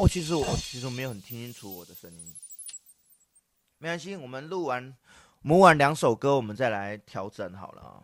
哦，其實我其實我沒有很聽清楚我的聲音，沒關係，我們錄完、磨完兩首歌，我們再來調整好了啊。